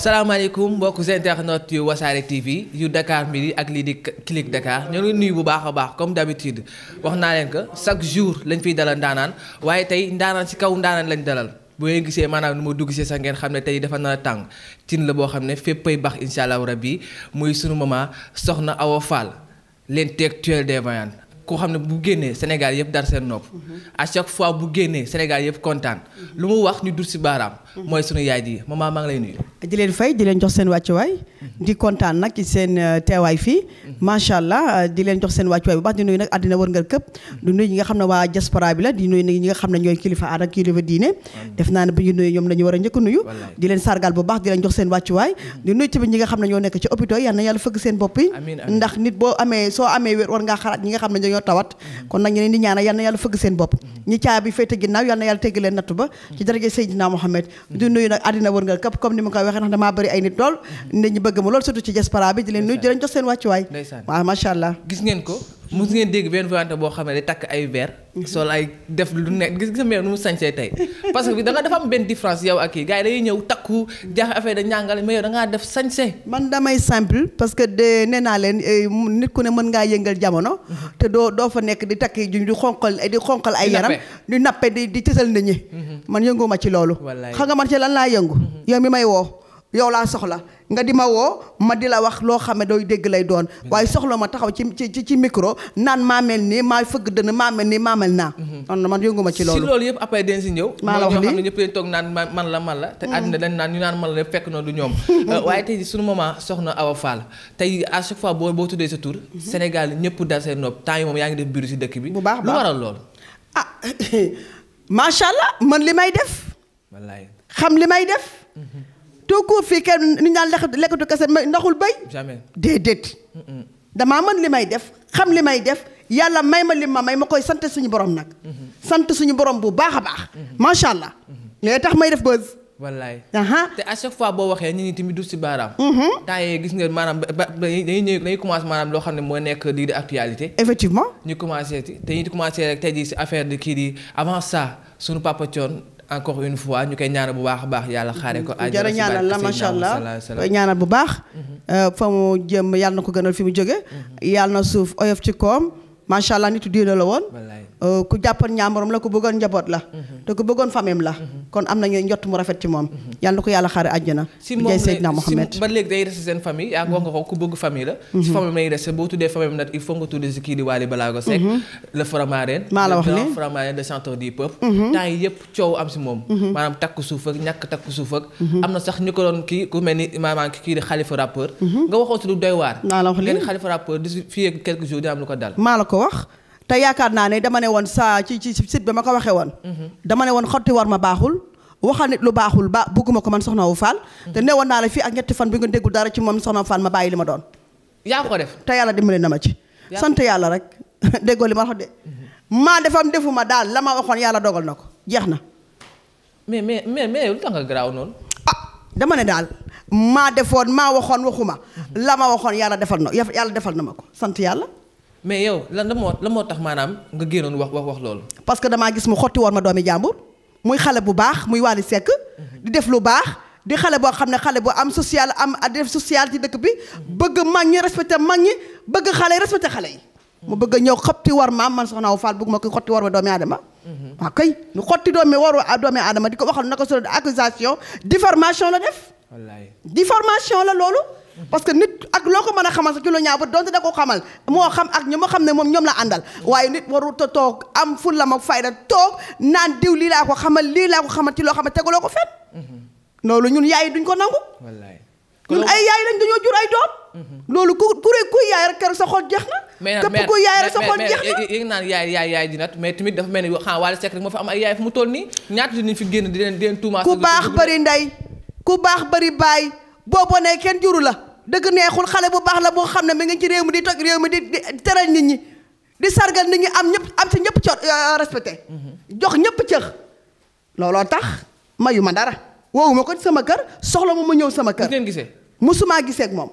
salaamaaleykum mbokk internautes yu wasaare TV yu Dakar Midi ak lii di Click Dakar ñoo ngi nuyu bu baax a baax comme d'habitude wax naa leen que chaque jour lañ fiy dalal ndaanaan waaye tey ndaanaan ci kaw ndaanaan lañ dalal. bu gisee maanaam nu ma dugg si sax ngeen xam ne tey dafa nar a tàng tin la boo xam ne fépp ay baax incha allahu rabbi muy sunu maman soxna Awa Fall l'intellectuelle des voyants koo xam ne bu génnee Sénégal yëpp dar seen nopp mhm. à fois bu génnee Sénégal yëpp kontaan mhm. lu mu wax ñu dur si baaraam mhm. mooy sunu yaay di leen fay di leen jox seen wàccuwaay di kontaan nag ñi nga xam ne a ñoo nekk ci hôpitaux yi na yàlla fëgg seen bopp ndax nit boo amee soo amee wér war ngaa xalaat ñi nga xam ne dañoo tawat kon nag ñu leen di ñaanal yal na yàlla fëgg seen bopp ñi caabi féete ginnaaw yal na yàlla tegg leen nattu ba ci daraja Seydina Mohamed di nuyu nag àddina wër nga comme ni ma koy waxee ndax damaa bëri ay nit lool nit ñi bëgg ma lool surtout ci diaspora bi di leen nuyu di leen jox seen wàccuwaay waaw macha allah mus ngeen dégg benn voyante boo xam ne day takk ay verre. Mhm. sol ay def lu nekk gis nga mère nu mu sañsee tey parce que da nga dafa am benn différence yow ak kii gars yi dañuy ñëw takku jaax affaire da ñàngale mais yow da ngaa def sañsee man damay simple parce que de nee naa leen eh, nit ku ne mën ngaa yëngal jamono. Mhm. te doo doo fa nekk di takk ju di xonqal di xonqal eh, ay yaram. di nappe di di tësal nit ñi. Mhm. man yënguma ci loolu. xam nga man ci lan laa yëngu. yow mi may woo. yow laa soxla nga di ma woo ma di la wax loo xam ne dooy dégg lay doon waaye soxla ma taxaw ci ci ci micro naan maa mel nii maa fëgg dënn maa mel nii maa mel naa. Mhm. man man yëngu ma ci loolu. loolu yëpp après den si ñëw. maa la man la man la. te mhm. àddina dañ naan ñu naan man la fekk na du ñoom. Euh, waaye tey suñu maman soxna Awa Fall tey à chaque fois boo boo tuddee sa tur. Mhm. Sénégal ñëpp dal seen nopp temps yaa ngi def biiru si dëkk bi. bu baax lu waral loolu. ah macha allah man li may def. wallaay xam li may def too ko fii kenn ni ñaan lekk lekkatu kese ndaxul béy. jamais déedéet. damaa mën li may def xam li may def yàlla may ma li ma may ma koy sant suñu borom nag. Mm-hmm. sant suñu borom bu baax a baax. Mm-hmm. macha allah. mais mm-hmm. tax may def buzz. wallaay te à chaque fois boo waxee ñu ngi tamit du si baaraam. temps yii gis nga maanaam ba dañuy ñëw dañuy commencé maanaam loo xam ne moo nekk lii di actualité. effectivement ñu commencé te ñu commencé rek tey jii si affaire de kii di avant ça sunu papa Thione. encore une fois ñu koy ñaanal bu baax a baax yàlla xaare ko. jërë ñaanal la macha allah ñaanal bu baax. Mm-hmm. Euh, fa mu jëm yàlla na ko gënal fi mu jóge mm-hmm. yàlla na suuf oyof ci koom macha allah nitu diine la woon. Euh, ku jàppoon ñaamorom la ku bëggoon njaboot la mhm. te ku bëggoon famem la mhm. kon am nañu njott mu rafet ci moom mhm. yaa nga ko ku bëgg famille la si famem lay resté boo tuddee famem nag il faut nga tuddee si kii di Waly Balago Seck le Faramareen maa la wax ni Faramareen nga waxoon si lu doy waar maa la wax ni maa la ko wax te yaakaar naa ne dama ne woon saa ci ci site bi ma ko waxee woon. dama ne woon xotti war ma baaxul. waxal nit lu baaxul ba bugguma ko man soxna wu Fall. te newoon naa la fii ak ñetti fan bi nga déggul dara ci moom soxna Fall ma bàyyi li ma doon. yaa ko def te yàlla dimbali na ma ci. sant yàlla rek déggoo li ma wax de. maa defam defuma daal la ma waxoon yàlla dogal na ko jeex na. mais mais mais mais lu tax ah dama ne daal maa defoon maa waxoon waxuma. la ma waxoon yàlla defal na yàlla defal na ma ko sant yàlla. mais yow lan la moo la moo tax maanaam nga génnoon wax wax wax loolu. parce que damaa gis mu xotti war ma doomi jàmbur muy xale bu baax muy Wally Seck di def lu baax di xale boo xam ne xale bu am social am def social ci dëkk bi bëgg mag ñi respecté mag ñi bëgg xale yi respecté xale yi. mu a ñëw xotti ma man soxna Awa Fall bëgg ma ko xotti war ma doomi aadama. Mhm. waaw kay ñu xotti doomi waru doomi aadama di ko waxal naka solo accusation diffamation la def. wallaay diffamation la loolu. parce que nit ak loo ko mën a xamal sa ci lu ñaaw ba donte xamal moo xam ak ma xam ne moom ñoom la àndal waaye nit warut a am ful la ma fayda toog naan diw lii laa ko xamal lii laa ko xamal ci loo xam ne tegaloo ko fenn loolu ñun yaay duñ ko nangu ñun ay yaay lañ dañoo mhm. loolu ku kuré kuy yaay rek kër sa xol jeex na mais képp yaay yaay yaay yaay mel ni xam Wally Seck moo fi am ay yaay fu mu ñaata di nañ fi génn di leen di leen tuuma ku baax bari ndey ku baax bari baay boo nee kenn juru la dëgg neexul xale bu baax la boo xam ne mi ngi ci réew mi di toj réew mi di teral nit ñi di sargal nit ñi am ñëpp am ci ñëpp co euh, euh, respecté mhm. jox ñëpp cëx looloo tax mayu ma dara wowuma ko sama kër soxla ma mu ñëw sama kër musumaa gisee ak moom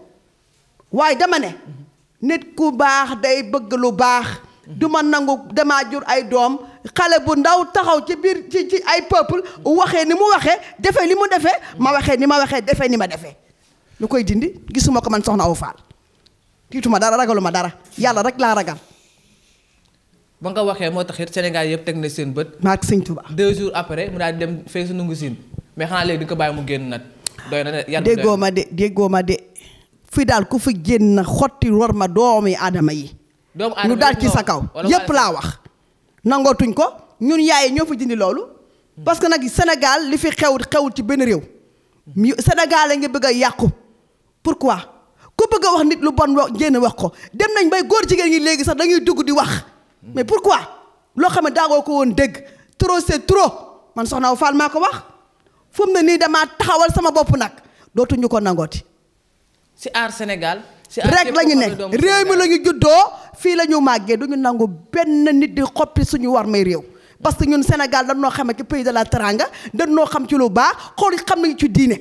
waaye dama ne mhm. nit ku baax day bëgg lu baax mhm. du ma nangu damaa jur ay doom xale bu ndaw taxaw ci biir ci ci ay peuple waxee ni mu waxee defee li mu defee ma waxee ni ma waxee defe ni ma defee lu koy dindi gisuma ko man soxna Awa Fall tiituma dara ragaluma dara yàlla rek laa ragal. ba nga waxee moo tax it Sénégal yëpp teg na seen bët. maak sëñ Touba. deux jours après mu daal di dem fee su nangu siin di ko bàyyi mu génn nag. doy na yan déggoo ma de déggoo ma de fii daal ku fi génn xotti war ma doomi aadama yi. doomu aadama yi daal ci sa kaw yépp laa wax. nangootuñ ko ñun yaay ñoo fi dindi loolu. parce que nag Sénégal li fi xewut xewul ci benn réew. Sénégal la nga bëgg a yàqu. pourquoi ku bëgg a wax nit lu bon njéen wax ko dem nañ bay góor jigéen ñi léegi sax dañuy dugg di wax mais pour quoi loo xam ne daagoo ko woon dégg trop c'est trop man soxna Awa Fall maa ko wax fu ne nii damaa taxawal sama bopp nag dootuñu ko nangooti. si aar Sénégal. si rek la ñu nekk réew mi la ñu juddoo fii la ñu màggee du ñu nangu benn nit di xoppi suñu war may réew. parce que ñun Sénégal dañoo xam ci pays de la teranga dañoo xam ci lu baax xool xam nañu ci diine.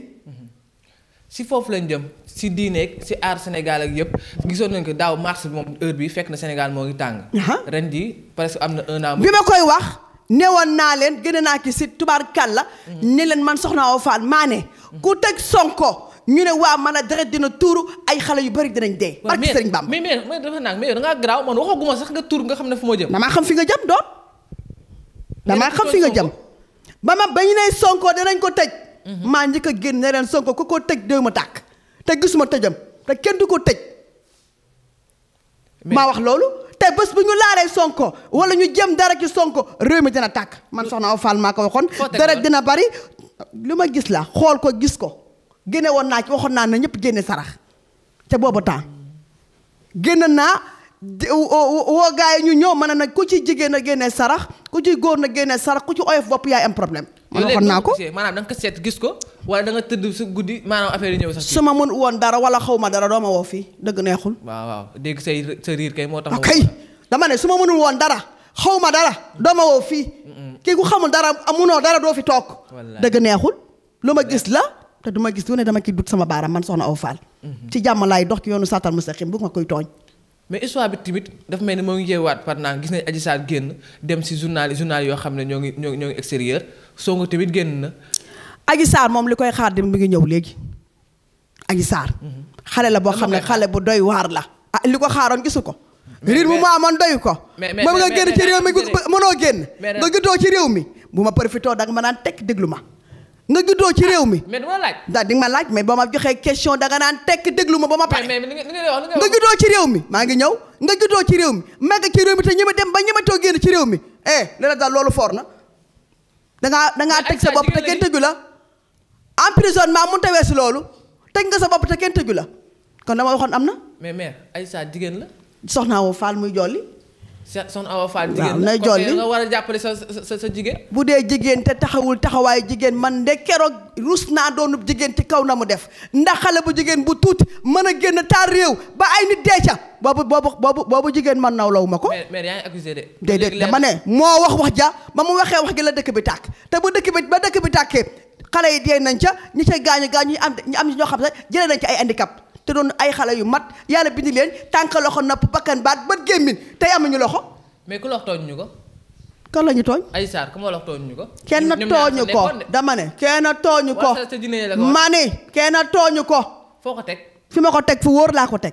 si foofu lañ jëm. si diineeg si aar Sénégal ak yëpp gisoon nañ ko daaw mars bi moom heure bi fekk na Sénégal moo ngi tàng ren ji presque am na un bi ma koy wax newoon naa leen gën a naa ki si la ne leen man soxna Awa Fall maa ne ku teg Sonko ñu ne waa man a deret dina tuuru ay xale yu bari dinañ dee barke Sëriñ Bamba mais mais mais dafa naan mais yow da ngaa garaaw man nga xam ne fu ma jëm damaa xam fi nga xam fi nga jëm ba ma ba ñu ne Sonko danañ ko tëj mhm. maa njëkk a génn ne leen Sonko ku ko tëj déw ma tàkk te gisuma tëjam te kenn du ko tëj. maa wax loolu te bés bu ñu laalee sonko wala ñu jëm dara ci sonko réew mi dina tàkk man soxna Awa Fall maa ko waxoon. dara dina bari li ma gis la xool ko gis ko génnewoon naa ci waxoon naa ne ñëpp génne sarax te boobu temps génn naa woo gars ñu ñëw man ne nag ku ci jigéen a génne sarax ku ci góor na génne sarax ku ci oyof bopp yaay am problème. waxoon naa ko maanaam da nga ko seet gis ko wala da tëdd su guddi maanaam affaire yi ñëw ma woon dara xaw ma dara doo ma woo fii dëgg neexul waaw waaw say sa riir moo tax kay dama ne su ma mënul woon dara xaw ma dara doo ma woo fii kii ku xamul dara amunoo dara doo fi toog dëgg neexul lu ma gis la te du ma gis lu ne dama ciy dut sama baaraam man soxna Awa Fall mm-hmm. ci jàmm laay dox ci yoonu saatal mustaqim bu ma koy tooñ mais histoire bi tamit dafa mel ni moo ngi yeewaat par naa gis nañ Adji Sarr génn dem si journal journal yoo xam ne ñoo ngi ñoo ngi extérieur Sonko tamit génn na. Adji Sarr moom li koy xaar dem mi ngi ñëw léegi Adji Sarr. Mm-hmm. xale la boo xam ne xale bu doy waar la. ah li ko xaaroon gisu ko. riir mu ma amoon doyu ko. moom nga génn ci réew mi mënoo génn. nga gëtoo ci réew mi bu ma profité danga ma naan tekk déglu ma. nga juddoo ci réew mi. mais dama laaj. ndax di ma laaj mais ba ma joxee question danga naan tekk déglu ma ba ma pare. mais mais nga juddoo ci réew mi. maa ngi ñëw nga juddoo ci réew mi màgg ci réew mi te ñeme dem ba ñeme too génn ci réew mi eh léeg daal loolu foor na dangaa dangaa teg sa bopp te kenn tëju la. emprisonnement mënut a weesu loolu teg nga sa bopp te kenn tëju la kon dama waxoon am na. mais mère Aïssa jigéen la. soxnaawoo Fall muy jolli. son awa faal jigéen na jolli nga war a jàppale sa sa sa jigéen bu dee jigéen te taxawul taxawaay jigéen man de keroog rus naa doonu jigéen ci kaw na mu def ndax xale bu jigéen bu tuuti mën a génn taal réew ba ay nit dee ca boobu boobu boobu boobu jigéen man naw law ko mais yaa ngi accusé de déedéet dama ne moo wax wax ja ba mu waxee wax gi la dëkk bi tàkk te bu dëkk bi ba dëkk bi tàkkee xale yi dee nañ ca ñi ca gaañu gaañu ñu am ñu am ñoo xam ne jëlee nañ ci ay handicap te doon ay xale yu mat yàlla bindi leen tànk loxo nopp bakkan baat bët gémmin tey amuñu loxo. mais ku lox tooñ ñu ko. kan lañu ñu tooñ. ay saar ku ma lox ñu ko. kenn tooñu ko dama ne. kenn tooñu ko ma ne. kenn tooñu ko. foo ko teg. fi ma ko teg fu wóor laa ko teg.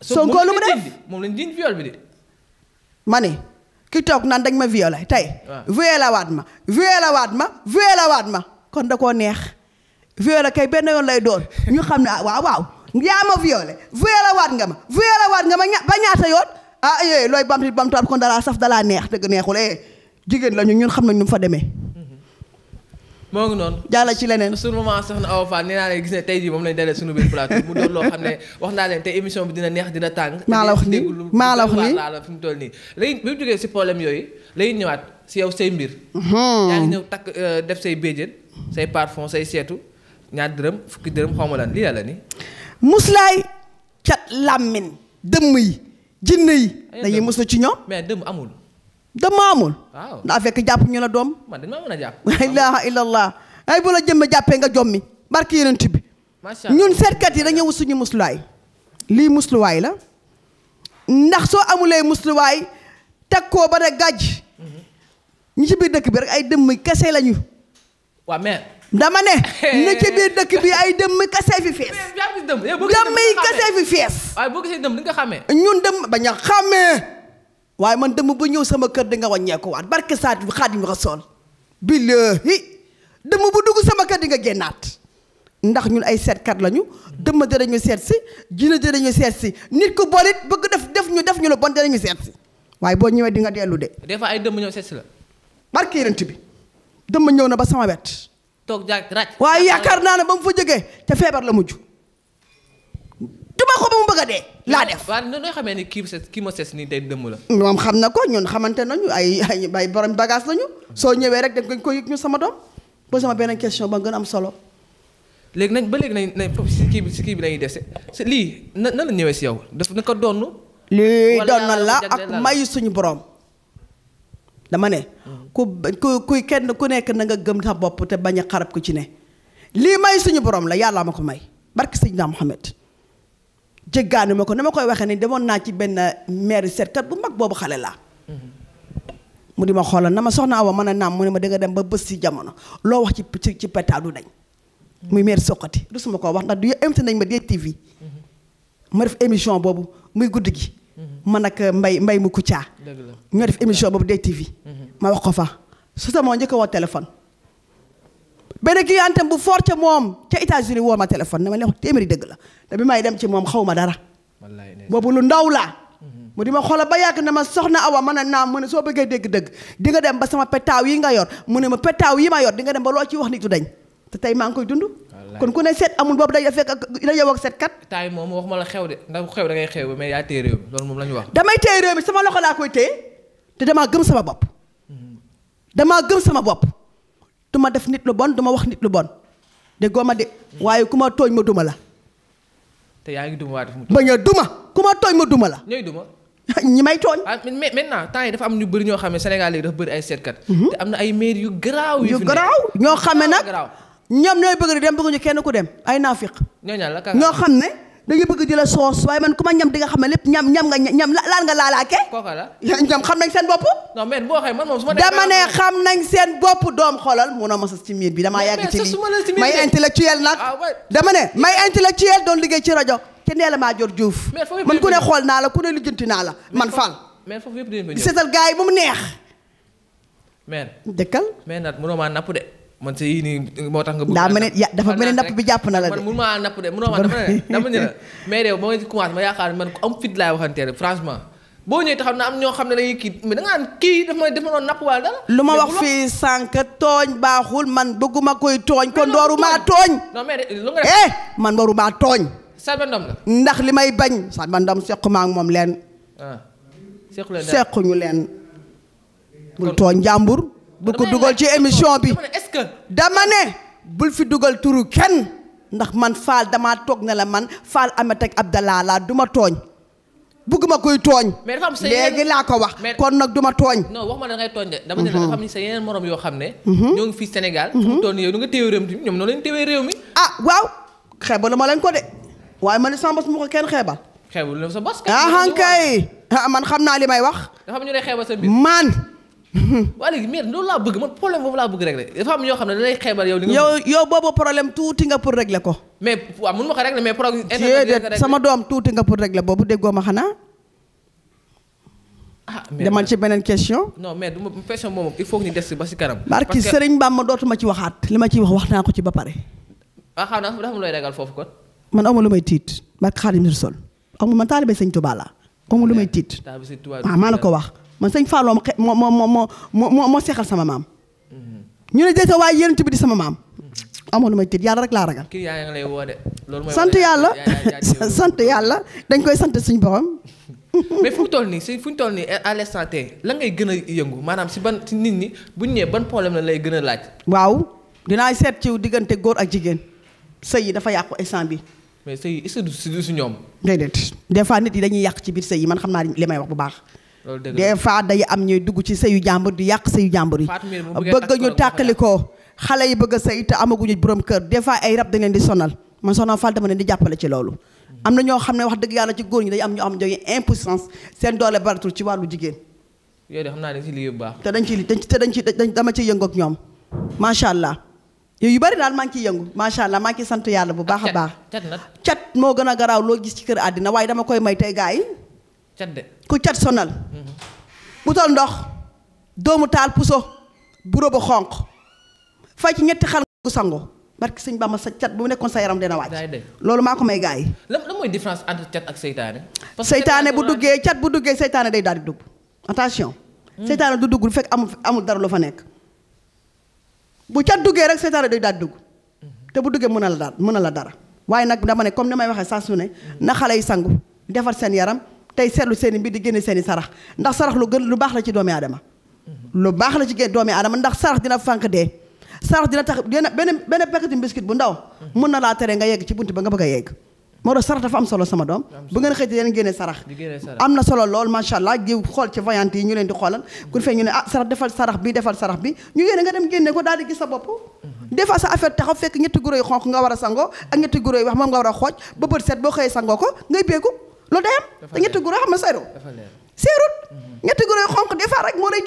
Sonko lu mu def moom lañ diñ bi ma ne ki toog naan dañ ma violé tey. waaw violé waat ma violé waat ma violé waat ma kon da koo neex. violé kay benn yoon lay doon ñu xam ne ah waaw waaw yaa ma violé violé waat nga ma violé waat nga ma ña ba ñaata yoon ah yooyu eh, looy bamti bamtuwaat kon dalaa saf dalaa neex dëgg neexul eh jigéen la ñu ñun xam nañ nu fa demee. moo ngi noonu jàll ci leneen sunu maman soxna Awa Fall nee naa leen gis ne tey jii moom lañ dalee sunu biir plateau mu doon loo xam ne wax naa leen te émission bi dina neex dina tàng maa la wax ni maa la wax mu toll nii léegi bi mu jógee si problème yooyu lay ñëwaat si yow say mbir mhm. yaa ñëw takk euh, def say béjjén say parfum say seetu ñaar dërëm fukki dërëm xawma lan lii la ni muslaay ca làmmin dëmm yi jinn yi dañuy musla ci ñoom mais dëmm amul dama amul. waaw fekk jàpp ñu la doom. man dañ maa mën a jàpp. la ilaha ay bu la jàppee nga jommi barki yonent bi. macha allah ñun seetkat yi dañoo wut suñu musluwaay. lii musluwaay la ndax soo amulee musluwaay teg koo ba ne gàjj. ñu ci biir dëkk bi rek ay dëmm kese lañu. waa mais. dama ne. ñi ci biir dëkk bi ay dëmm kese fi fees. dëmm yi kese fi fees. boo gisee dëmm nga xamee. ñun dëmm ba ñu xamee. waaye man dama ba ñëw sama kër di nga wàññeeku waat barke saat Xaadimu Rasuul billaahi dama ba dugg sama kër di nga génnaat ndax ñun ay seetkat lañu dëmm danañu seet si jina danañu seet si nit ku bolit bëgg def def ñu def ñu la bon danañu seet si waaye boo ñëwee di nga dellu de. des fois ay dëmm ñëw seet si la. barke yërënt bi dëmm ñëw na ba sama wet. toog jaag raaj. waaye yaakaar naa ne ba mu fa jógee te feebar la mujj. tuba ko ba mu bëgg a dee. laa def waaw noo xamee ni kii kii ma ses nii day dëmm la. moom xam na ko ñun xamante nañu ay ay borom bagage lañu. soo ñëwee rek dañ ko yëg ñu sama doom. posé ma benn question ba gën a am solo. léegi nañ ba léegi nañ nañ foofu kii bi si kii bi nañuy dese lii na na la ñëwee si yow daf na ko donn. lii doon la ak may suñu borom. dama ne. Mm. ku ku kuy kenn ku nekk na nga gëm sa bopp te bañ a xarab ku ci ne. lii may suñu borom la yàlla ma ko may barki sëñ Muhammad jéggaani ma ko na ma koy waxee ni demoon naa ci benn maire seetkat bu mag boobu xale laa mu di ma xoolal na ma soxna wa mën a naam mu ne ma danga dem ba bës ci jamono loo wax ci ci ci péta du dañ muy maire soqati rusuma koo wax ndax du invité nañ ma di TV ma def émission boobu muy guddi gi man ak mbay mbay mu Kouthia ñoo def émission boobu di TV ma wax ko fa su sama njëkk woo téléphone benn clientam bu fort ca moom ca États-Unis woo ma téléphone ne ma wax téeméeri dëgg la te bi may dem ci moom xaw ma dara. boobu lu ndaw laa. Mhm. mu di ma xoolal ba yàgg na ma soxna awa mën a naam mu ne soo bëggee dégg-dëgg di nga dem ba sama petaaw yi nga yor mu ne ma petaaw yi ma yor di nga dem ba loo ci wax nit du dañ te tey maa ngi koy dund. kon ku ne seet amul boobu day fekk ak dañoo wax seet kat. taay moom waxuma la xew de ndax xew da ngay xew ba mais yaa téye moom la wax. damay téye réew mi sama loxo laa koy sama bopp damaa gëm sama bopp mhm. du def nit lu bon du wax nit lu bon de gooma de waaye ku ma tooñ ma duma la. te yaa ngi duma waaye mu bañ a duma ku ma tooñ ma duma la. ñooy duma. ñi may tooñ. ah mais maintenant temps yi dafa am ñu bëri ñoo xam ne senegal léegi dafa bëri ay seetkat. Mhm. te am na ay mair yu garaaw. yu garaaw ñoo xam ne nag ñoom ñooy bëgg di dem bëgguñu kenn ku dem ay naafiq. ñoo xam ne. dañuy bëgg di la soos waaye man ku ma ñam di nga xam ne lépp ñam ñam nga ñam laal nga laalaake. kooka la ñam xam nañ seen bopp. dama ne xam nañ seen bopp doom xoolal munoo ma sës bi damaa yàgg ci lii may intellectuel nag. Ah, dama ne may intellectuel doon liggéey ci rajo. te nee la maa jor Diouf. man ku ne xool naa la ku ne lijjanti naa la man Fall. mais foofu yëpp dinañ fa ñëw di seetal gars yi bu mu neex. mais dëkkal mais nag munoo maa napp de man sa nii moo tax nga. naa daa mel ne dafa mel ne napp bi jàpp na la de. man mënuma napp mais réew ba nga commencé ma yaakaar man ku am fit laay waxanteel franchement boo ñëwee taxaw na am ñoo xam ne dañuy kii mais kii dafa ma dafa ma doon napp wala lu ma wax fii sànq tooñ baaxul man bëgguma koy tooñ. kon waruma tooñ. non mais lu nga def eh man waruma tooñ. Salba la. ndax li may bañ. Salba Ndom seq ma moom leen. ah sequñu leen bul tooñ jàmbur bu ko dugal ci émission bi est-ce que dama ne bul fi dugal turu kenn ndax man Fall damaa toog ne la man Fall Ameth ak Abdallah laa du ma tooñ bugguma kuy tooñ léegi laa ko wax kon nag du ma tooñ non wax ma da ngay tooñ de dama ne la mhm. dafa am sa yeneen yoo xam ne mhm. ñoo ngi fii Sénégal mhm. mu toon yow nga téewee réew mi noonu lañ téewee réew mi ah waaw xeebalu ma leen ko de waaye ma ne sama mu ko kenn xeebal xeebalu sa bos ah kay ah, man xam naa li may wax dafa am ñu lay man waa léegi mais loolu laa bëgg man problème boobu laa bëgg régler dafa am ñoo xam ne da lay xeebal yow. li nga yow yow boobu problème tuuti nga pour régler ko. nga pour régler boobu déggoo ma xanaa. ah mais demal ci beneen question. non mais du ma question moom il faut ñu des si kanam. barki Sëriñ Bamba dootuma ci waxaat li wax wax naa ko ba pare. ah xam naa ragal foofu kon. man amul lu may tiit barki Xaadimu Rasuul amul man taalibe Sëñ Tuubaa laa amul lu ah, may tiit. waaw ah, maa la ko wax man sëñ Fallou moo moo moo moo moo seexal sama maam. ñu ne dese waaye yéen bi di sama maam. amoon na may tiit yàlla rek laa ragal. kii yaa ngi lay woo loolu mooy sant yàlla sant yàlla dañ koy sant suñu borom. mais fu mu toll nii si fu ñu toll nii à l'instant la ngay gën a yëngu maanaam si ban si nit ñi bu ñu nee ban problème la lay gën a laaj. waaw dinaa seet ci diggante góor ak jigéen sëy yi dafa yàqu instant bi mais sëy yi est-ce que du si ñoom. déedéet des fois nit yi dañuy yàq ci biir sëy yi man xam naa li may wax bu baax. des fois day am ñuy dugg ci sëyu jàmbur di yàq sëyu jàmbur yi bëgg ñu tàqali ko xale yi bëgg a sëy te amaguñu borom kër des fois ay rab dañ leen di sonal man soxna Fall dama leen di jàppale ci loolu am na ñoo xam ne wax dëgg yàlla ci góor ñi day am ñoo am joge impuissance seen doole baratul ci wàllu jigéen yooyu de naa dañ ci liggéey bu baax. te dañ ci te dañ ci dama ciy yëngu ak ñoom macha allah yooyu yu bari daal maa ngi ciy yëngu macha allah maa sant yàlla bu baax a baax. cat moo gën a garaaw loo gis ci kër àddina waaye dama koy may tey gaa yi. cat ku cat sonal. utal ndox doomu taal puso bureau ba xonq fay ci ñetti xar nga sangu que sëñ Bamba sa cat bu nekkoon sa yaram de dina waaj loolu maa ko may gars yi lan lan mooy différence entre cat ak seytaane seytaane bu duggee cat bu duggee seytaane day daal di dugg attention hmm. seytaane du dugg bu fekk amul amul dara lu fa nekk bu cat duggee rek seytaane day daal di dugg hmm. te bu duggee mën daal mën a la dara waaye nag dama ne comme ni may waxee saa su ne na xale yi sangu defar seen yaram tey seetlu seen i mbir di génne seen sarax ndax sarax lu gën lu baax la ci doomi aadama lu baax la ci gén doomi aadama ndax sarax dina fànq dee sarax dina tax a bi defal sarax bi ñu yéene nga dem génne ko daal gis sa bopp mhm. des sa affaire taxaw fekk ñetti guro yu xonq nga war a sangoo ak ñetti guro yu wax moom nga war a xooj ba set boo xëyee sangoo ko ngay beeku loolu day am te ñetti guro xam nga seerul seerut mhm. ñetti guro rek moo lay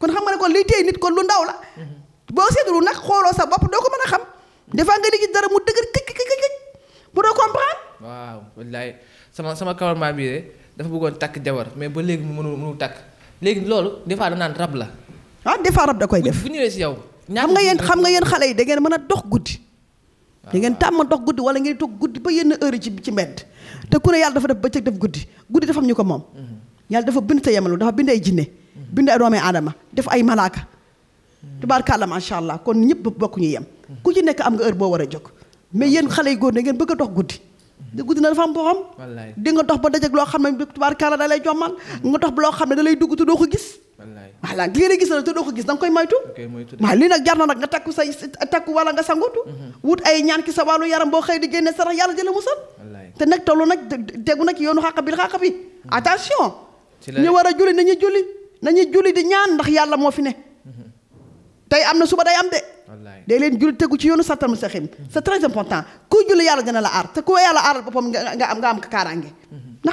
kon kon liy téye kon lu ndaw la mhm. boo seetlu nag xooloo sa bopp doo ko xam des fois dara mu dëgër këj sama sama kawar bi de dafa bëggoon takk jabar mais ba léegi mënu mënu takk léegi loolu des fois da rab la ah des fois da koy def bu ñëwee si yow xam nga yéen xam nga yéen xale yi da ngeen mën a dox guddi da ngeen tàmm dox guddi wala ngeen toog guddi ba yenn heure yi ci ci mbedd te ku ne yàlla dafa def bëccëg def guddi guddi dafa am ñu ko moom mm-hmm. yàlla dafa bind te yemalu dafa bind ay jinne mm-hmm. bind ay doomi aadama def ay malaaka mm-hmm. tubaarkàlla macha allah kon ñëpp bokk ñu yem ku ci nekk am nga heure boo war a jóg mais yéen xale yu góor ne ngeen bëgg a dox guddi di guddi na dafa am boxam di nga dox ba dajeg loo xam ne tubaarkàlla da lay jommal nga dox ba loo xam ne da lay doo ko gis waaw la lii rek gis te doo ko gis da nga koy moytu waaw lii nag jar na nag nga takku say takku wala nga sangutu mhm. wut ay ñaan ki sa wàllu yaram boo xëy di génne sarax yàlla jëla musal te nag tollu nag tegu nag yoonu xàq bi xàq bi mhm. attention ñu war a julli nañuy julli nañuy julli di ñaan ndax yàlla moo fi ne mhm. tey am na suba day am de day leen julli tegu ci yoonu sartam sa xim c'est très important ku julli yàlla dina la aar te ku yàlla aaral boppam nga am nga am kaaraange na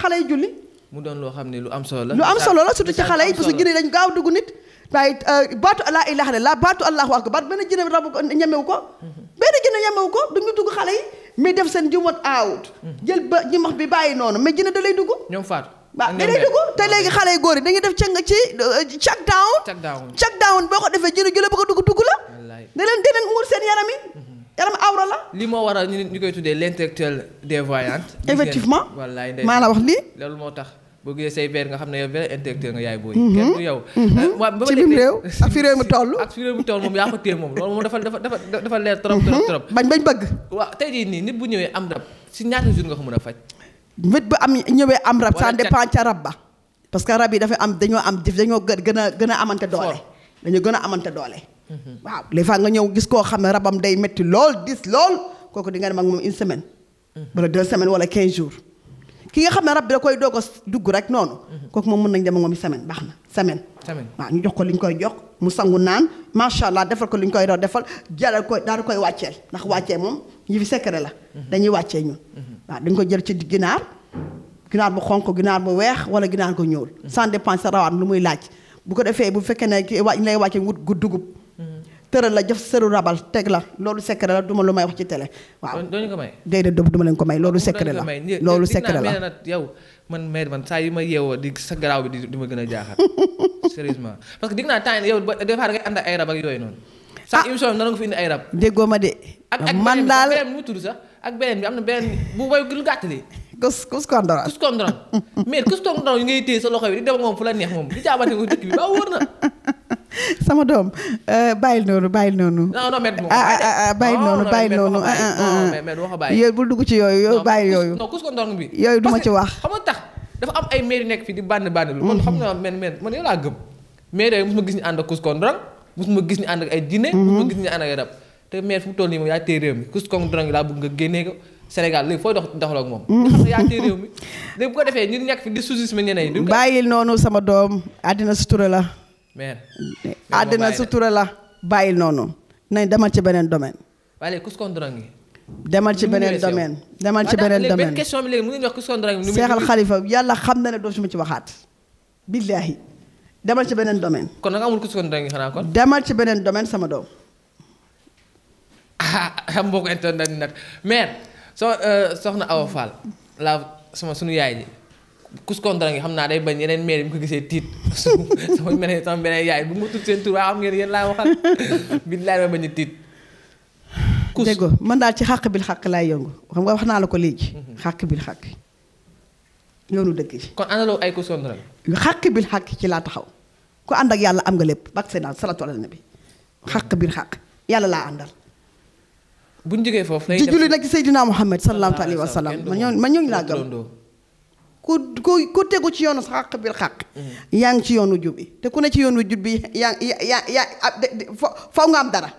mu doon loo xam ne lu am solo la. lu am solo la surtout ci xale yi parce que jinne dañ gaaw dugg nit. waaye euh, baatu laa ilaaha illallaah baatu allahu akbar benn jinne rabu ñemewu ko. Mhm. benn jinne ñemewu ko du ñu dugg xale yi. mais def seen jiwmat out mhm. jël ba bi bàyyi noonu mais jinne da lay dugg. ñoom faatu. waaw da lay dugg te léegi xale yu góor yi dañuy def càng ci euh, check down. check down check down boo ko defee jinne ju la a dugg dugg la. wallaay da leen da leen muur seen yaram yi. Mhm. yaram awra la. li moo waral ñu koy tuddee l'intellectuel des voyantes. effectivement maa la wax lii. loolu moo tax. boo gisee say verre nga xam ne yow vrai intellectuel nga yaay booy. Mhm. Mhm. Euh, ci biir réew ak fi réew toll. moom yaa ko téye moom loolu moom dafa dafa dafa mhm. bu ñëwee am rab si ñaata jour nga ko mën a faj. ca rab ba. parce que rab yi dafa am dañoo am jëf dañoo gën a gën a amante doole. dañoo gën a amante doole. waaw les fois nga ñëw gis koo xam ne rabam day métti lool dis lool kooku di nga dem ak moom une semaine. wala deux semaines wala quinze jours ki nga xam ne rab bi da koy doo a dugg rek noonu. Mhm. kooku moom mën nañ dem moom i semaine baax na semaine. semaine waaw ñu jox ko li ñu koy jox mu sangu naan macha allah defal ko li ñu koy doon defal jëlal ko daal di koy wàcceel ndax wàccee moom yi fi secret la. Mhm. dañuy wàccee ñun. Mhm. waaw dañ ko jël ci ginaar ginaar bu xonq ginaar bu weex wala ginaar ko ñuul. sans dépenser rawaan lu muy laaj bu ko defee bu fekkee ne ki wa ñu lay wàccee wut dugub. tëral la jëf sëru rabal teg la loolu secret la du ma lu may wax ci télé. waaw sa garaaw a ba noonu. Ah. bi nga fi indi ay rab. déggoo ma de. man daal beneen mu tudd sax ak beneen bi am na beneen bu way gën gàttali. kus kus kondoran kus kondoran mais kus kondoran yi ngay téye sa loxo bi di dem moom fu la neex moom di jaabante ko dëkk bi ba wóor na. sama doom euh, bàyyil noonu bàyyil noonu. non non mais ah ah, ah ah bàyyil noonu bàyyil noonu. Ah, yooyu bul dugg ci yooyu yooyu bàyyi yooyu. non kus bi. yooyu du ma ci wax. xam tax dafa am ay maire yu nekk fii di bànn man xam naa mm-hmm. man man man yow laa gëm. maire yooyu gis ñu ànd ak kus ko ndong gis ñu ànd ak ay dîner. Mm-hmm. mosuma gis te maire fu mu toll nii moom yaa téye mi kus ko ndong laa bëgg nga génnee ko. Sénégal léegi fooy dox doxal ak moom. Mm-hmm. ko defee ñu nekk fi di sous-estimé ñeneen yi. bàyyil noonu sama doom àddina sutura la mais ah, àddina sutura la bàyyil noonu nañ demal ci beneen domaine. waaye kus kon dorong yi. demal ci beneen domaine demal ah, ci beneen domaine mu ngi wax kus kon dorong yi. yàlla xam na ne doo su ma ci waxaat. billaahi demal ci beneen domaine. kon nag amul kus kon dorong yi xanaa kon. demal ci beneen domaine sama doom. ah xam mais soo soxna Awa la sama sunu yaay ji. kus kontaan nga xam naa day bañ yeneen maire bi ko gisee tiit sama beneen sama beneen yaay bu ma tudd seen tur waaye xam ngeen yéen laa waxal billaay ma bañ a tiit. kus dégg man daal ci xàq bi xàq laay yëngu xam nga wax naa la ko léegi. Mhm. xàq bil xàq yoonu dëgg yi. kon àndaloo ay kus kontaan. xàq bil xàq ci laa taxaw ku ànd ak yàlla am nga lépp bak seen daal salatu ala nabi mhm. xàq bil xaq yàlla laa àndal. bu ñu jógee foofu. ci julli nag ci Seydina Muhammad sallallahu alayhi wa sallam man ñooñu laa gëm ku ku ku tegu ci yoonu xàq bil xàq mm-hmm. yaa ngi ci yoonu jub bi te ku ne ci yoonu jub bi yaa yaa yaa faw nga am dara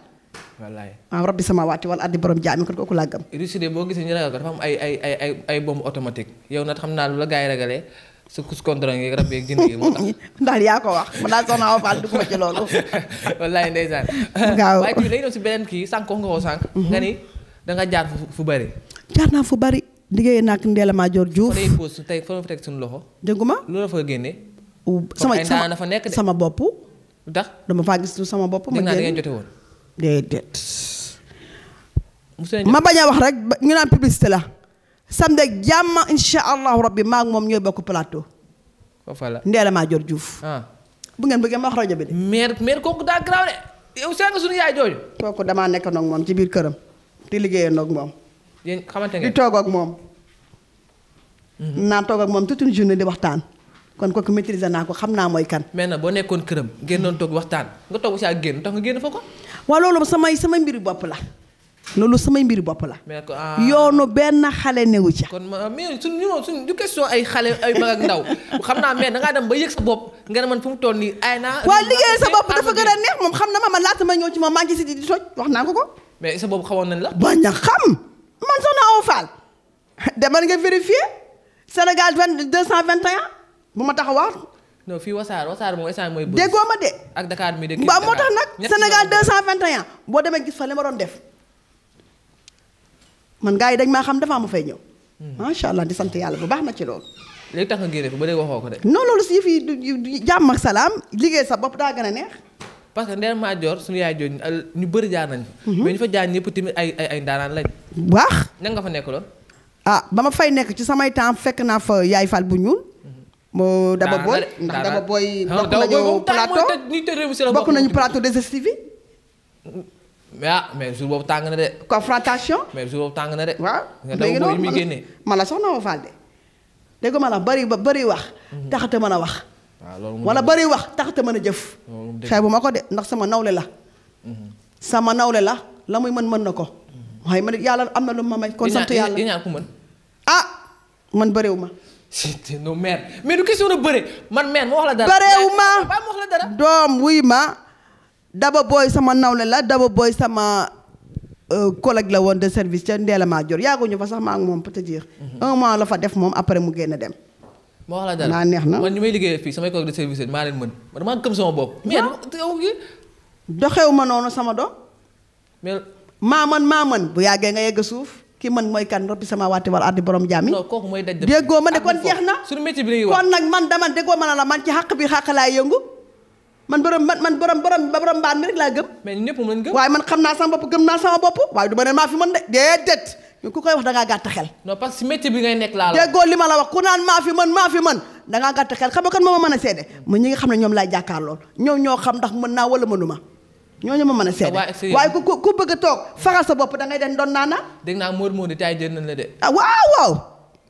wallaay waaw rabbi sama waati wala addi borom jaami kon kooku ko dafa am ay ay ay ay ay bombe automatique yow nag xam naa lu la gars yi ragalee su kus kontoran yi rab yeeg jënd yi moo tax daal yaa ko wax mu daal soxna Awa Fall duguma ci loolu wallaay ndeysaan waaw waaye kii dañu ñëw si beneen kii sànq nga ko sànq mm-hmm. nga ni da nga jaar fu bari jaar naa fu bari liggéey na ak Ndella Madior Diouf. fa lay pose tey fa ma loolu la fa génnee. sama sama sama bopp. ndax dama faa gis sama bopp. ma génn ma bañ wax rek ñu naan publicité la. samedi ak jàmm incha allahu rabbi maa ak moom ñooy bokk palaato voilà Ndella Madior Diouf. Ah. bu ngeen bëggee ma wax rajo bi de. maire maire kooku daa garaaw de yow seen suñu yaay jooju. kooku damaa nekk nag moom ci biir këram. te liggéeyee nag moom. yéen xamante ngeen di toog ak moom. naa toog ak moom toute une journée di waxtaan. kon kooku maîtriser naa ko xam naa mooy kan. mais nag boo nekkoon këram. génnoon toog waxtaan nga toog si ak génn tax génn fa ko. waaw loolu samay samay bopp la. loolu samay mbiri bopp la. Ah. yoonu benn xale newu ca. kon mais suñ ñu suñ du question ay xale ay mag ak ndaw naa mais da dem ba yëg sa bopp nga man fu mu toll nii ay naa. sa bopp dafa gën a neex moom xam na ma man laata ma ñëw ci moom maa ngi si di toj wax naa ko ko. mais sa bopp xawoon nañ la. bañ a xam. demal nga vérifier Sénégal vingt deux cent vingt et un bu ma taxawaat. non fii wasaar wasaar moom instant mooy. déggoo ma de. ak Dakar mi de waaw moo tax nag boo demee gis fa li ma doon yi dañ maa xam dafa ma fay ñëw. Hmm. macha allah di sant yàlla bu baax ma ci loolu. léegi tax nga génne ko ba léegi waxoo ko de. non loolu si fii du jàmm ak salaam liggéey sa bopp daa gën a neex. parce que Ndeye Madior suñu yaay jooju ñu bëri jaar nañ hmm. mais ñu fa jaar ñëpp tamit ay ay ay ndaanaan lañ. waax nan nga fa nekk lool. ah ba ma fay nekk ci samay temps fekk naa fa yaay fal bu ñuul. daba booy ndax daba booy. bokk nañu plateau bokk nañu plateau des STV. mais ah mais jour boobu tàng na na de. waaw léegi noonu man la soxna ma bari ba bari wax. Mhm. taxate mën a wax. Ah, wala bari wax taxate mën a jëf. xëy bu ma ko de ndax sama nawle la. Mhm. sama nawle la la muy mën mën na ko. Mhm. waaye man yàlla am na lu ma may. kon sant yàlla di ñaan ku mën. man bëreew ma. c'est non mère mais du question na bëre man mère ma wax la dara. bëreew ma ma wax la dara. doom wuy ma daba booy sama nawle la daba booy sama euh, collègue la woon de service ca Ndéla Madior yàgguñu fa sax ma ak moom peut-être mhm. un mois la fa def moom après mu génn dem. ma wax la dara neex na man ñu may liggéeyee fii samay collègue de service sama bopp. mais ma noonu sama doom. mais mën maa mën bu yàggee nga yegg suuf. kii mën mooy kan rabbi sama waati wal ardi borom jaami déggoo ma ne kon jeex na kon nag man dama déggoo ma ne la man ci xàq bi xàq laay yëngu man borom man man borom borom borom mbaan mi rek laa gëm waaye man xam naa sama bopp gëm naa sama bopp waaye du ma ne maa fi mën de déedéet ñu koy wax da ngaa gàtt xel non parce que métier bi ngay nekk laa la déggoo li ma la wax ku naan maa fi mën maa fi mën da ngaa xel xam nga kan moo ma mën a seede mu ñi nga xam ne ñoom laay jàkkaar lool ñoom ñoo xam ndax mën naa wala mënuma ñooñu ma mën a seede ah, waaye ku ku bëgg a toog faral sa bopp da ngay dem doon naana dégg naa Mor na la de ah, waaw waaw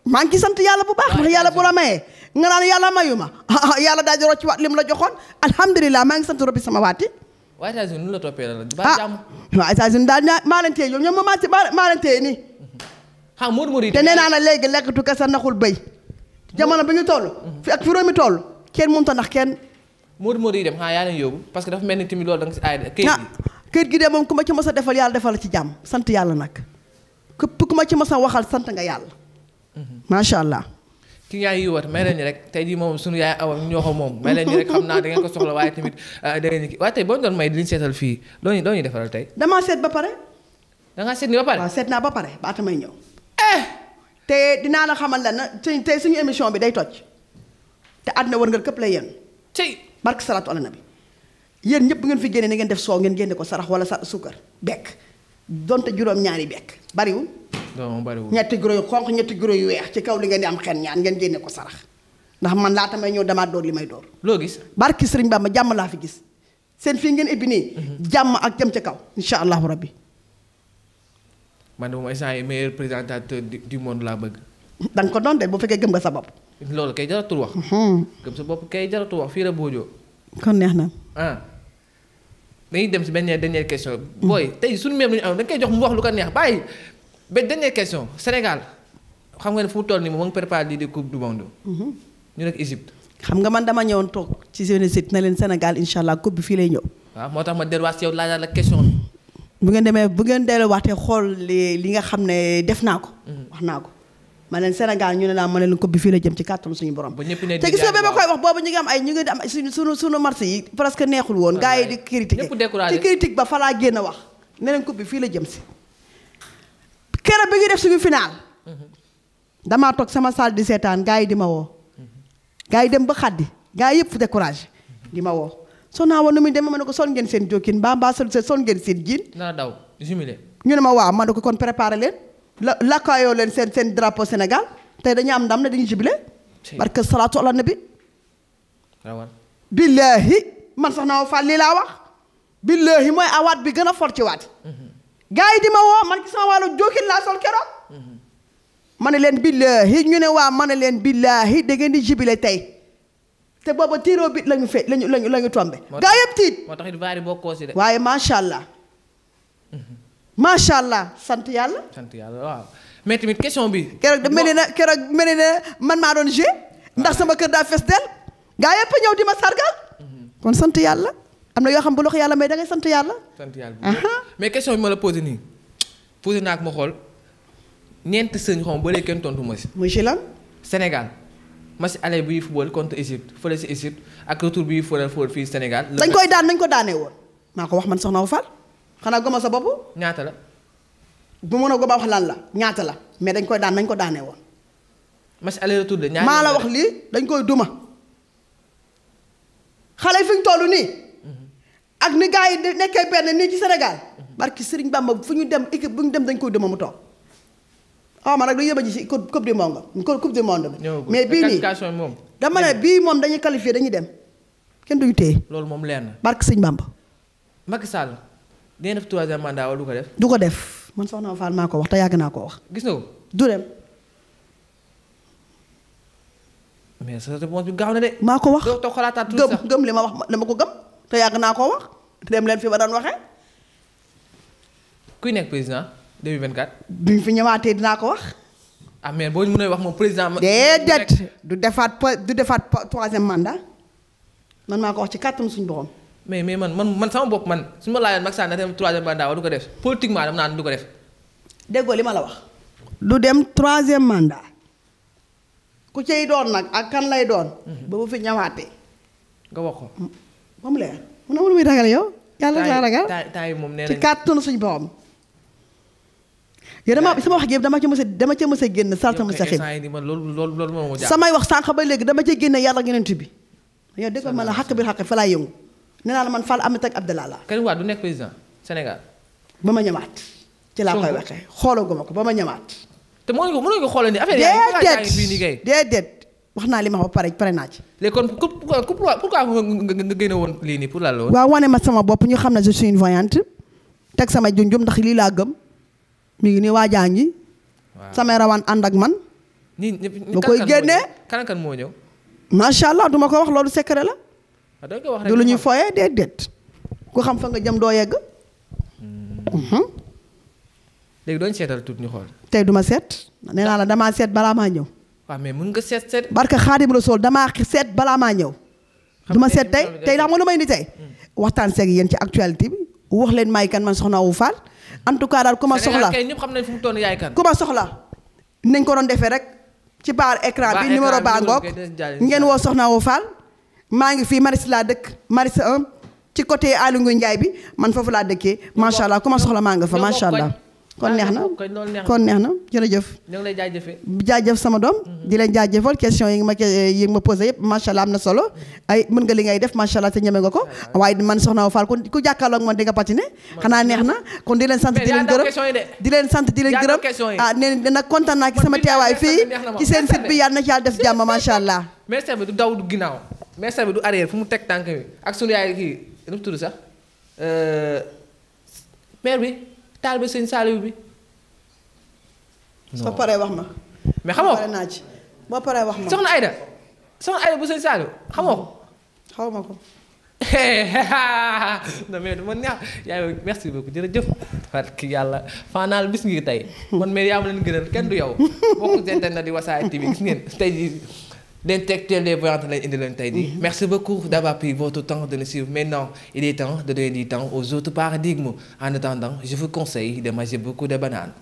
maa ngi sant yàlla bu baax ndax yàlla bu la mayee nga naan yàlla mayu ma ah, yàlla daal di rocc waat li mu la joxoon alhamdulilah maa ngi sant robbi sama waati waa États-Unis la toppee ba jàmm waa États-Unis daal maa leen téye ñoom ñoom maa leen téye nii te nee naa la léegi lekkatu kese naxul béy jamono bi ñu toll fi ak fi réew mi kenn mënut a nax kenn Modou Modou yi dem xanaa ah, yaa leen yóbbu parce que dafa mel ni tamit loolu da si aay këyit gi. Ah, këyit gi de moom ku ma ci mos a defal yàlla defal ci jàmm sant yàlla nag képp ku ma ci mos a waxal sant nga yàlla. Mhm. macha allah. ki yaay yi wat may leen ñu rek tey jii moom suñu yaay awa ñoo ko moom may leen ñu rek naa da ngeen soxla waaye tamit ah, da ngeen ñu kii waaye tey boo doon may di seetal fii loo ñuy loo ñuy defaral tey. damaa seet ba pare. da ngaa seet ni ba pare seet naa ba pare ba atamay ñëw. eh te dinaa la xamal la na tey suñu émission bi day toj te àdduna wërngal képp lay yéen. barke salaatu ala nabi yéen ñëpp ngeen fi génnee ni ngeen def soow ngeen génne ko sarax wala sa suukar bekk donte juróom-ñaari bekk bariwul. non bariwul ñetti guro yu xonq ñetti guro yu weex ci kaw li ngeen di am xen ñaan ngeen génne ko sarax ndax man laata may ñëw damaa door li may door. loo gis barke Sëriñ ma jàmm laa fi gis seen fii ngeen ebbi nii. Mhm. jàmm ak jëm ci kaw incha allahu rabbi. man de moom instant yii meilleur présentateur du monde laa bëgg. da ko doon de bu fekkee gëm sa bopp. loolu kay jaratul wax. sa bopp kay jaratul wax fii la boojoo. kon neex na. ah dañuy dem si benn dernière question. booy tey suñu même lu ñu am dañ koy jox mu wax lu ko neex bàyyi ba dernière question Sénégal xam nga ne fu mu toll nii moom mu ngi préparé lii di coupe du monde. ñu nekk Égypte. xam nga man dama ñëwoon toog ci seen site na leen Sénégal incha allah coupe bi fii lay ñëw. waaw moo tax ma delluwaat si yow laajaat la question bu ngeen demee bu ngeen delluwaatee xool li li nga xam ne def naa ko. wax naa ko. ma leen Sénégal ñu ne naa ma leen ko bi fii la jëm ci kàttanu suñu borom te gis nga ba ma koy wax boobu ñu ngi am ay ñu ngi am suñu suñu suñu yi presque neexul woon gars yi di critiquer ci critique ba fa génn wax ne leen ko bi fii la jëm si keroog bi ngi def suñu final mm-hmm. damaa toog sama salle di seetaan gaa yi di ma woo mm-hmm. gars yi dem ba xaddi gars yi yëpp découragé mm-hmm. di ma woo soo naa woon nu muy demee ma ne ko son ngeen seen jokkin mbaa mbaa s ngeen seen jiin. naa ñu ne ma waaw ma ne ko kon préparé leen la lakkaayoo leen seen seen drapo Sénégal tey dañu am ndam na dañu jubilé. parce que salaatu ala nabi. billaahi man sax na ma fàl lii laa wax. billaahi mooy awaat bi gën a fort ci waat. Mm-hmm. gars yi di ma woo man ci sama wàllu jokkin laa sol keroog. Mm-hmm. ma ne leen billaahi ñu ne waa ma ne leen billaahi da ngeen di jubilé tey. te boobu tiiroo bit lañu fe lañu lañu lañu tombé. gaa yëpp tiit moo waaye macha allah. Mm-hmm. macha allah sant yàlla. waaw mais tamit question bi. keroog da mel keroog mel ne man maa doon joué ndax sama kër daa fees del gaa yëpp ñëw di sargal. Mhm. kon sant yàlla am na yoo xam bu loxo yàlla may da sant yàlla. sant yàlla mais question bi ma la posé nii posé naa ak ma xool ñeenti sëñ xaw ma ba léegi kenn tontu ma si. muy si lan. Sénégal match aller bi football contre Égypte fële si Égypte ak retour bi football fii Sénégal. dañ koy daan dañ ko daanee woon ko wax man soxna Fall. xanaa goma sa bopp. ñaata la. bu mën a goma wax lan la ñaata la mais dañ koy daan nañ ko daanee woon. match aller retour de maa la wax lii dañ koy duma. xale fi ñu toll nii. Mhm. ak ni gars yi nekkee benn nii ci Sénégal. barki Serigne Bamba fu ñu dem équipe bu ñu dem dañ koy duma mu toog. xaw ma nag dañu yëba ji ci coupe du monde coupe du monde bi. mais bii nii dama ne bii moom dañuy qualifié dañuy dem kenn duñu téye. loolu moom leer na barki Serigne Bamba. Macky Sall. dina def troisième mandat wala du ko def. du ko def man soxna Fall maa ko wax te yàgg naa ko wax. gis nga du dem. mais sa réponse bi gaaw maa ko wax doo xalaataat tuuti gëm gëm li ma wax dama ko gëm te yàgg naa ko wax dem leen fi ma daan waxee. kuy nekk président vint 2024. duñ fi ñëwaatee dinaa ko wax. ah boo ñu mënee wax moom président. déedéet du defaat du defaat troisième mandat man maa ko wax ci kàttanu suñ borom. mais mais man man man sama bopp man su ma laajoon Macky Sall na dem troisième mandat du ko def politiquement dama naan ko def. déggoo li ma la wax. du dem troisième mandat. ku cay doon nag ak kan lay doon. Mhm. ba bu fi ñëwaatee. nga wax ko. ba mu leer mu ne ma muy ragal yow. yàlla na ragal taay moom nee nañu ci kàttanu suñu borom. yow dama sama wax yëpp dama ca mës a dama ca mës a génn sarta mu saxin samay wax sànq ba léegi dama ca génne yàlla ak yonent bi yow dégg ma la xàq bi xàq fa laay yëngu. nee naa la man Fall Ameth ak Abdallah la. Karim Wade du nekk président Sénégal. ba ma ñëwaat. ci laa koy waxee xoolaguma ko ba ma ñëwaat. te moo ko mënoo ko xoolal ni affaire yi. déedéet wax naa li ma wax ba pare pare naa ci. léegi kon pourquoi pourquoi nga gën a woon lii nii pour la woon. waaw wane ma sama bopp ñu xam ne je suis une voyante teg sama junjum ndax lii laa gëm mi ngi nii waajaa ngi. waaw samay rawaan ànd ak man. ni ni kan kan moo ñëw ba koy génnee. kan kan moo ñëw. macha allah du ma ko wax loolu secret la. Ah, du lu ñuy foyee déedéet ku xam fa nga jëm doo yegg. Hmm. léegi doon seetal tuuti ñu xool. tey duma seet nee naa la ah. damaa seet balaa maa ñëw. waaw ah, mais mën nga seet seet. barke Xaadim Rasul damaa seet balaa maa ñëw. du ma seet tey tey xam nga lu may indi tey. Hmm. waxtaan seeg yéen ci actualité bi wax leen may kan man soxna Awa Fall en tout cas daal ku ma soxla xam nañ fu mu toll yaay kan. ku ma soxla nañ ko doon defee rek ci baar écran bi numéro baa ngoog ngeen woo soxna Awa Fall maa ngi fii Maristes laa dëkk Maristes 1 ci côté Aly Ngouille bi man foofu laa dëkkee macha allah ku ma soxla maa nga fa macha allah. kon neex na kon neex na jërëjëf. ñoo ngi lay jaajëfee. jaajëf sama doom. Mhm. di leen jaajëfal question yi nga ma yi nga macha allah na solo. Mhm. ay mën nga li ngay def macha allah te ko. waaye man soxna Awa Fall ku ku jàkkaarloog man di nga patine. xanaa na kon di leen sant di gërëm di leen sant di leen gërëm. ah nee na nag kontaan naa sama teewaay fii ci seen site bi yàlla na ci yàlla def jàmm macha allah. merci beaucoup daw ginnaaw ministère bi du arrière fu mu teg tànk bi ak sunu yaay kii nu mu sax euh, maire bi taal bi sëñ Saliou bi. soo paree wax ma. mais xamoo pare naa ci boo paree wax ma soxna Aida soxna Aida bu sëñ Saliou xamoo ko. xaw ma ko. non mais man ñaax yaa merci beaucoup jërëjëf parce ki yàlla faanaal bis ngi tey man mais yaa ma leen gënal kenn du yow bokk na di Wassare TV gis ngeen tey jii. L'intellectuel des voyantes lañ indi leen tey di merci beaucoup d'avoir pris votre temps de nous suivre maintenant il est temps de donner du temps aux autres paradigmes en attendant je vous conseille de manger beaucoup de bananes